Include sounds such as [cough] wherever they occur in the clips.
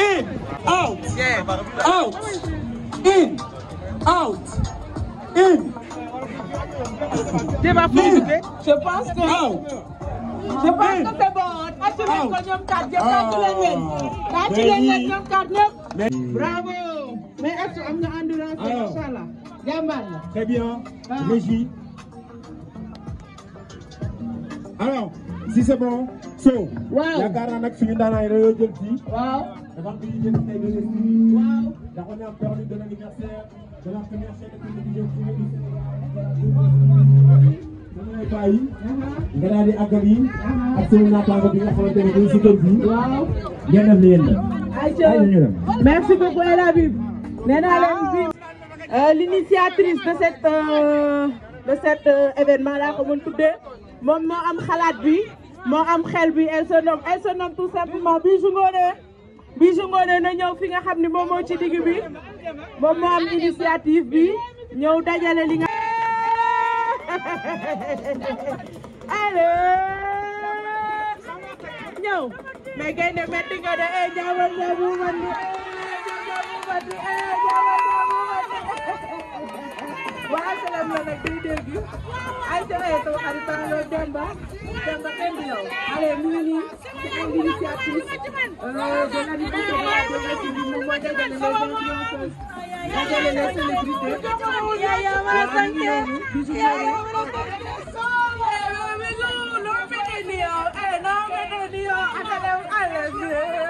In, out, out, in, out, in. Je pense que. Out. Je pense que c'est bon. assuré ko ñoom kat yëpp assuré ngeen. assuré ngeen ñoom kat ñëpp. bravo. mais est-ce que am na endurance. macha ah. allah jàmbaar la. très bien. Régis. Ah. alors si c'est bon. so. waaw yaakaar naa nag suñu ndaanay la yoo jël fii. waaw. devant Billy Jeunesse de l'Estie. di àggali. ak suñu bi nga xamante ne bii si kër merci beaucoup El Habib. nee naa leen fii. l' de cet euh, euh, événement laa ko mën tuddee moom am xalaat bi moo am xel bi elle se nomme elle se nomme tout simplement Bijou Ngoné. Bijou Ngoné na ñëw fi nga xam ne moom moo ci digg bi moom moo am initiative bi ñëw dajale li nga [laughs] allo ñëw mais gaynde metti nga de e eh, jaawal nga buuman ni e eh, jaawal nga buuman ni e waa HLM la nag di dégg ay ca ay taw xaritandoo ak Demba Demba kenn du yow. allez mu ngi nii ci ay initiative de l'anniversaire de la jeunesse bi moom moo dajale les influenceuses dajale les célébrités. di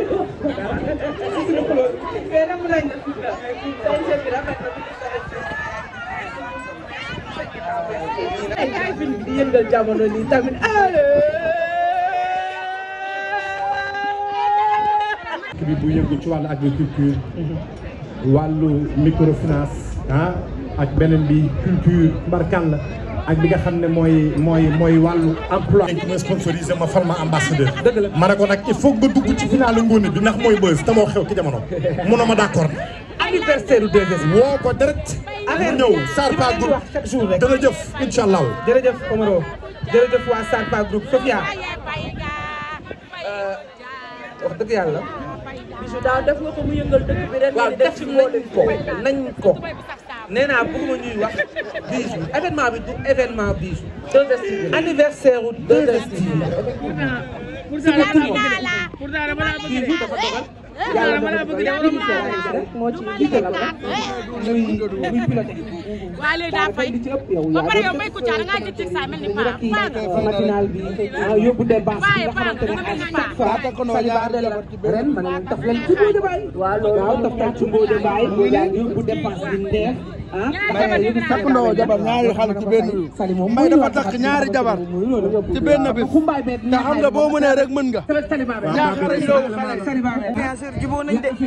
jamono ji bi bu yëngu ci wàllu agriculture mhm. wàllu microfinance ah ak beneen bi culture barkan la ak bi nga xam ne mooy mooy mooy wàllu emploi dañ ko ma ma fal ambassadeur dëgg la ko nag il nga dugg ci finaalu ngóone bi ndax mooy bës te xew ki jamono mu ne ma d'accord anniversaire u woo ko direct mu ñëw Sarpa groupe dana jëf incha allah. jërëjëf Omaro jërëjëf waa Sarpa groupe Sofia wax dëgg yàlla. Bijou daaw def nga ko mu yëngal dëkk bi ren. waaw def ko nañ ko nee naa bëgguma ñuy wax Bijou événement bi du événement Bijou. 2STV anniversaire ru 2STV. pourtant pourtant dama laa bëgg yàlla dafa bëgg rek moo ci jiitalal la muy muy piloté. dafa li ci ëpp yow yaa ngi matinal bi ah, yóbbu dépense bi nga xamante ne à chaque fois Saliba ànd la ren ma ne leen taf leen ci Mbodj Baye. waaw loolu taf leen ci Mbodj Baye yaa ngi yóbbu dépense bi neex. ah takk ndoo jabar ñaari xale ci benn bi mbay dafa takk ñaari jabar ci benn bi te xam nga boo mënee rek mën nga ñaar xale yoo xale influenceur yi jubóo nañ de. temps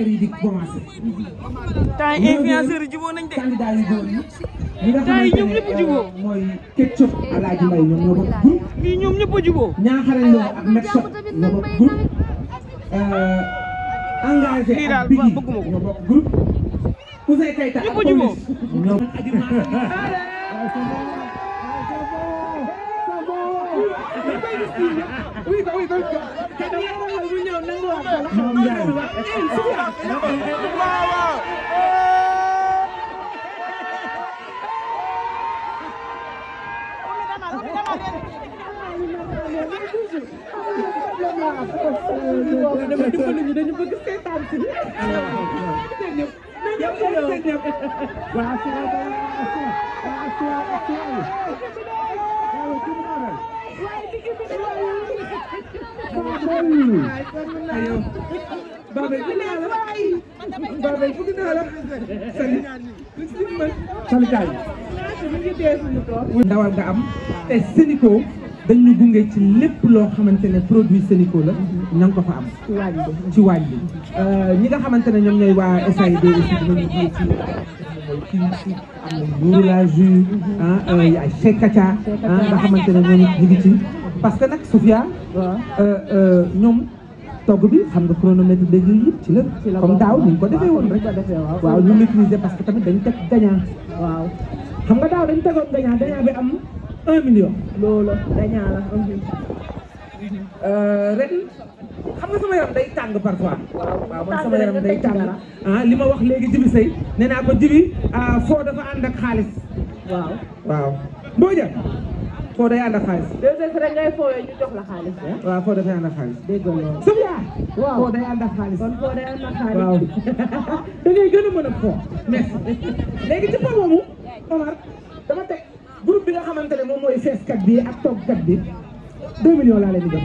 yi influenceur yi jubóo nañ de. temps yi ñoom ñëpp a jubóo. fii ñoom euh, ñëpp a jubóo. lii daal bëgguma ko. ñëpp a jubóo. wuyu ko wuyu ko te da ngeen ragal bu ñëw nangu wax ko moom Ndiaye waaw dama dimbali ñu dañu bëgg seetaan si waaw baabay bëgg naa la baabay bëgg naa la sali sali kaay ndawal nga am te Sénico dañ ñu gunge ci lépp loo xamante ne produit Sénico la na nga ko fa am. waañ bi ci waañ bi. Euh, ñi nga xamante ne ñoom ñooy waa SAID aussi dinañu gunge ci ci am na Nourou la Jus ah euh, ay Cheikh Kacha ah nga xamante ne ñoom ñu ngi ci. parce que nag Sofia. waaw euh, ñoom. togg bi xam nga chronomètre dégg yëpp ci la comme daaw ñu ko defee woon rek waaw ñu maîtriser parce que tamit dañ teg gagnant waaw xam nga daaw dañ tegoon gagnant gagnant bi am un million loolu dañaa la ren xam nga tàng parfois waaw ah, li ma wax léegi jibi sëy nee naa ko jibi ah, foo dafa xaalis waaw waaw Mbodja [laughs] [laughs] teg groupe bi nga xamante ne moom mooy feeskat bi ak toogkat bi 2 millions laa leen di jox.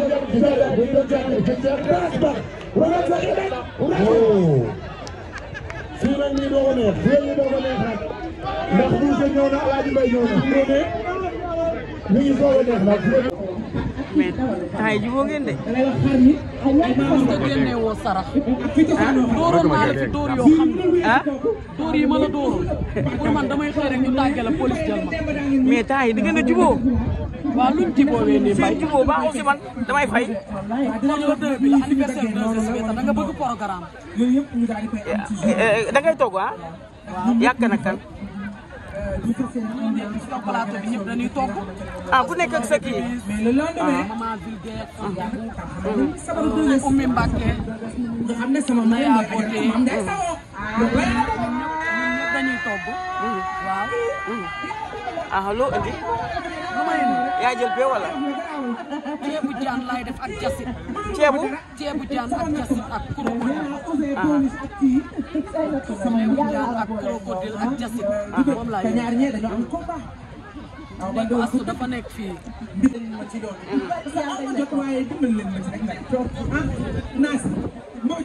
Güzel bir döneceğim. İkinci bas bak. Ulan sakın ben. Ulan. Suran ni dogo neex. Suran ni dogo neex nag. Ndax buuse ñëw na Alaaji Mbay ñëw na. Mu ne. Ñu ngi soog a neex nag. mais temps yi jubóo ngeen de. parce que génne woo sarax. ah dooroon naa fi dóor yoo xam ne. yi ma la dóoroon. pour damay xëy rek ñu tàggee la police jël ma. mais di ngeen a jubóo. waaw luñ jubóo wee nii mbay jubóo baaxul si man damay fay. dañoo dëw bi la anniversaire de da nga bëgg programme. da ngay togg ah. waaw plateau bi ñëpp dañuy togg. ah ku nekk ak sa kii. ah maman Vulgaire. ah Oumy Mbacké. Naya Bodé. ñoom ñëpp dañuy togg. waaw. ah loo indi. yaa jël bee wala. ceebu jaan laay def ak jasit. ceebu. ceebu jaan ak jasit ak krokodil. Ah. ceebu jaan ak krokodil ak jasit. Ah, moom laa yëg. léegi asu dafa nekk fii. Ah. waaye dimbali leen ma ci rek mais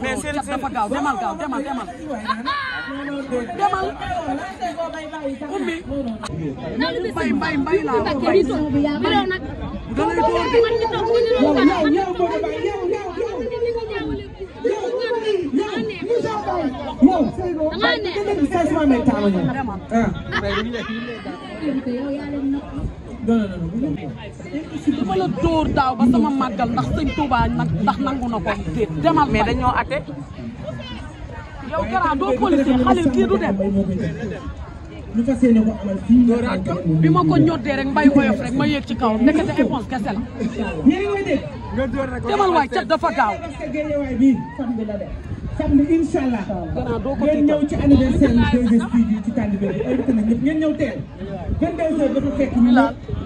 seen seen dafa gaaw demal gaaw demal demal. demal. ummi. mbay mbay mbay laa wax mbay. dalay door de. yow yow yow dama la dóor daaw ba sama màggal ndax sëñ Touba nag ndax nangu na ko déet demal mais dañoo atte yow Kara doo policier xalil kii du dem bi ma ko ñoddee rek mbay woyof rek ma yéeg ci kaw nekkate éponse kese la demal waay cat dafa gaaw samedi incha allah ngeen ñëw ci anniversaire bi 2STV yi ci talibé bi invité na teel. 22h dafa fekk ñu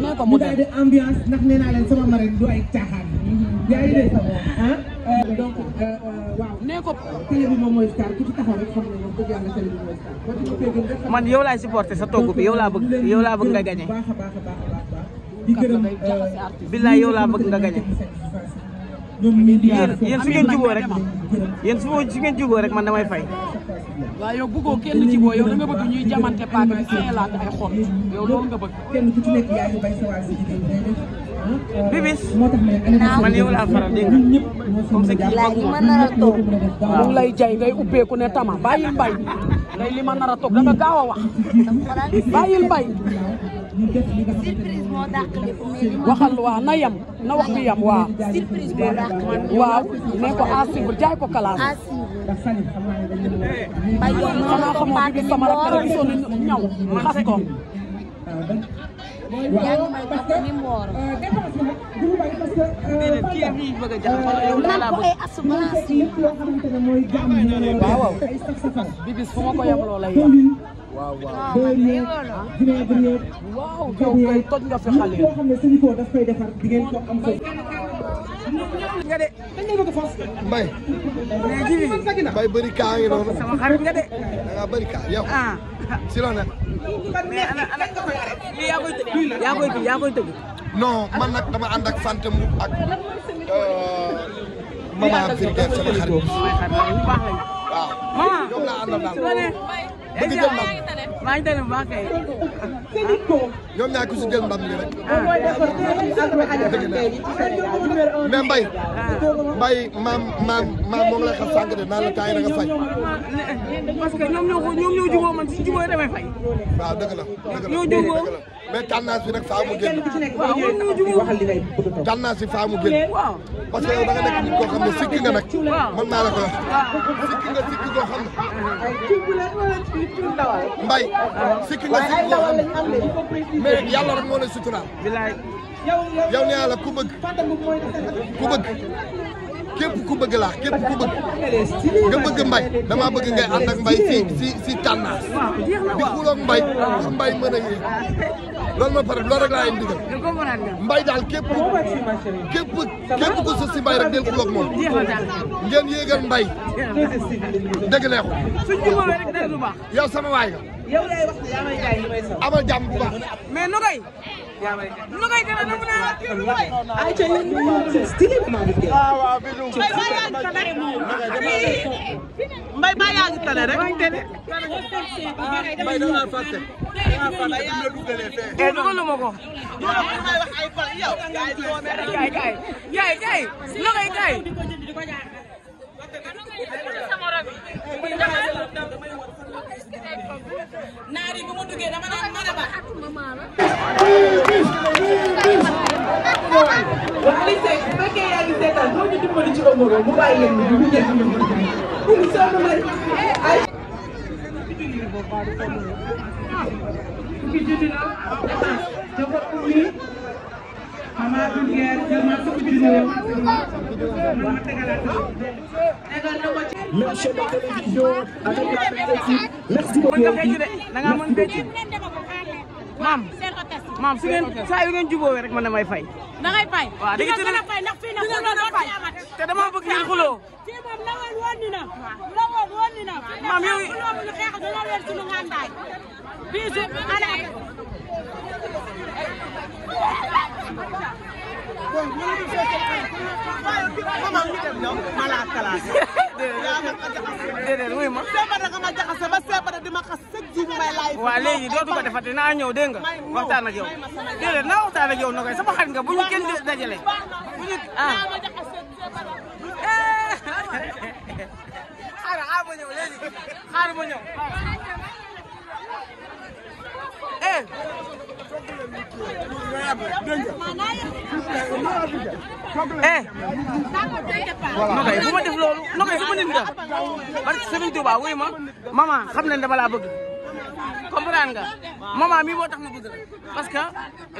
ñëpp ñu daal di ambiance ndax nee naa leen sama marraine du ay caaxaan. yaa ngi dégg mm-hmm. ah. Euh, donc euh, euh, waaw. nee ko télé bi moom mooy star ku ci taxaw rek xam man yow laay supporté sa togg bi yow laa bëgg yow laa nga gagné. baax a baax a a yow laa bëgg ñoom su ngeen juboo rek yéen su su juboo rek man damay fay. waaw yow bëggoo kenn ci boo yow da nga bëgg ñuy jamante paaka bi seelaat ay xol yow loolu nga bëgg. kenn ku ci nekk yaa ngi man yow laa faral dégg nga comme ça kii boobu ma nar a toog ngay ubbeeku ne tama bàyyil mbay. lay li ma toog da nga gaaw a wax bàyyil mbay. ñu def waxal waaw na yem na wax bi yem waaw. waaw nee ko à suivre jaay ko kalaam. à suivre. Eh. ba yow xanaa xamoo bi sama rakk rek gisoon nañu xas ko. waaw waaw waaw yow kay toj nga fi xale loo xam ne suñu ko daf koy defar di ko am foofu nga de dañ la bëgg fas mbay mais jibi mbay bëri kaa ngi noonu sama xarit nga de da nga bëri kaa yow yaa koy tëgg yaa koy tëgg yaa man nag dama ànd ak fante mu ak maman Africaine sama xarit waaw maman ñoom laa àndal daal bëgg jël ndam maa ngi tane bu baax kay ñoom ñaar ku si jël ndam li rek ah. Ah. mais Mbaye Mbaye maam maam maam moo ngi lay xam sànq de naan la taay da nga fay parce que ñoom ñoo ko ñoom ñoo jubóo man si jubóo damay fay waaw dëgg la dëgg la ñoo jubóo mais tendance bi nag faa mu génn tendance bi faa mu génn parce que yow da nga nekk nit koo xam ne sikki nga nag mën naa la ko wax sikki nga sikki koo xam ne mbay sikki nga sikki koo xam ne mais yàlla rek moo lay suturaal yow nee la ku bëgg ku bëgg képp ku bëgg laax képp ku bëgg nga bëgg mbay dama bëgg ngay ànd ak mbay si si si tànnaas di xuloog mbay mën a yëg loolu ma pare loolu rek laa leen digal mbay daal képp képp képp ku sës si mbay rek del xuloog moom ngeen yéegal mbay dëgg leexu yow sama waay nga amal jàmm bu baax mais lu koy def lu mu naan ak lu koy. ay ca yéen ñu ngi stylé bi maa ngi teel. waaw waaw bi ñu. mbay baa yaa ngi tane mbay baa yaa ngi tane rek. mbay da ngaa fàtte. eh dugaluma ko. kay kay kay kay lu koy kay. naar yi bu mu duggee dama naan mën a ba. lycée bu fekkee yaa ngi seetaan doo ñu dimbali ci Omoro mu bàyyi leen ñu ñu njëkk ñu ñu sonn nañ ay. fukki junni la jokkoo pour lui maman Bourguère jël naa fukki junni la. même chaîne de télévision avec ngeen saa yu ngeen jubóowee rek man damay fay. da ngay fay waaw da ngay tëddee fay ndax na fay te dama bëgg ngeen xuloo. fii moom la woon na. la woon ni na. maam yow yi xuloo bu ñu xeex dañoo weer suñu ngàndaay. bii déedéet wuy ma. Sébata ma jaxase ba Sébata di ma xas chaque jour may laay. waaw léegi dootu ko defati naa ñëw dégg nga waxtaan ak yow. déedéet naa waxtaan ak yow na koy sama xarit nga bu ñu kenn dajale bu ñu eh nogay bu ma def loolu nogay bu nit nga parce que Serigne Touba wuy ma maman xam ne dama bëgg comprendre nga maman mii moo tax ma bëgg parce que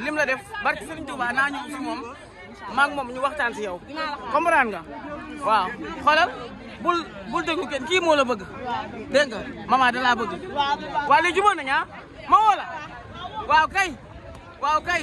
lim la def barke Serigne naa ñu fi moom maak moom ñu waxtaan si yow comprendre nga waaw xoolal bul bul déglu kii moo bëgg dégg nga maman bëgg waaw léegi jubóo nañu ah. ma woo waaw kay waaw kay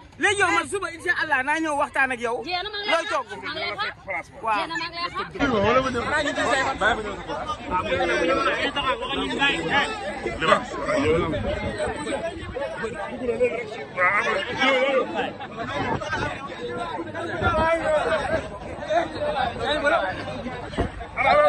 léegi yow man suba incha naa ñëw waxtaan ak yow. looy toog waaw. Hello.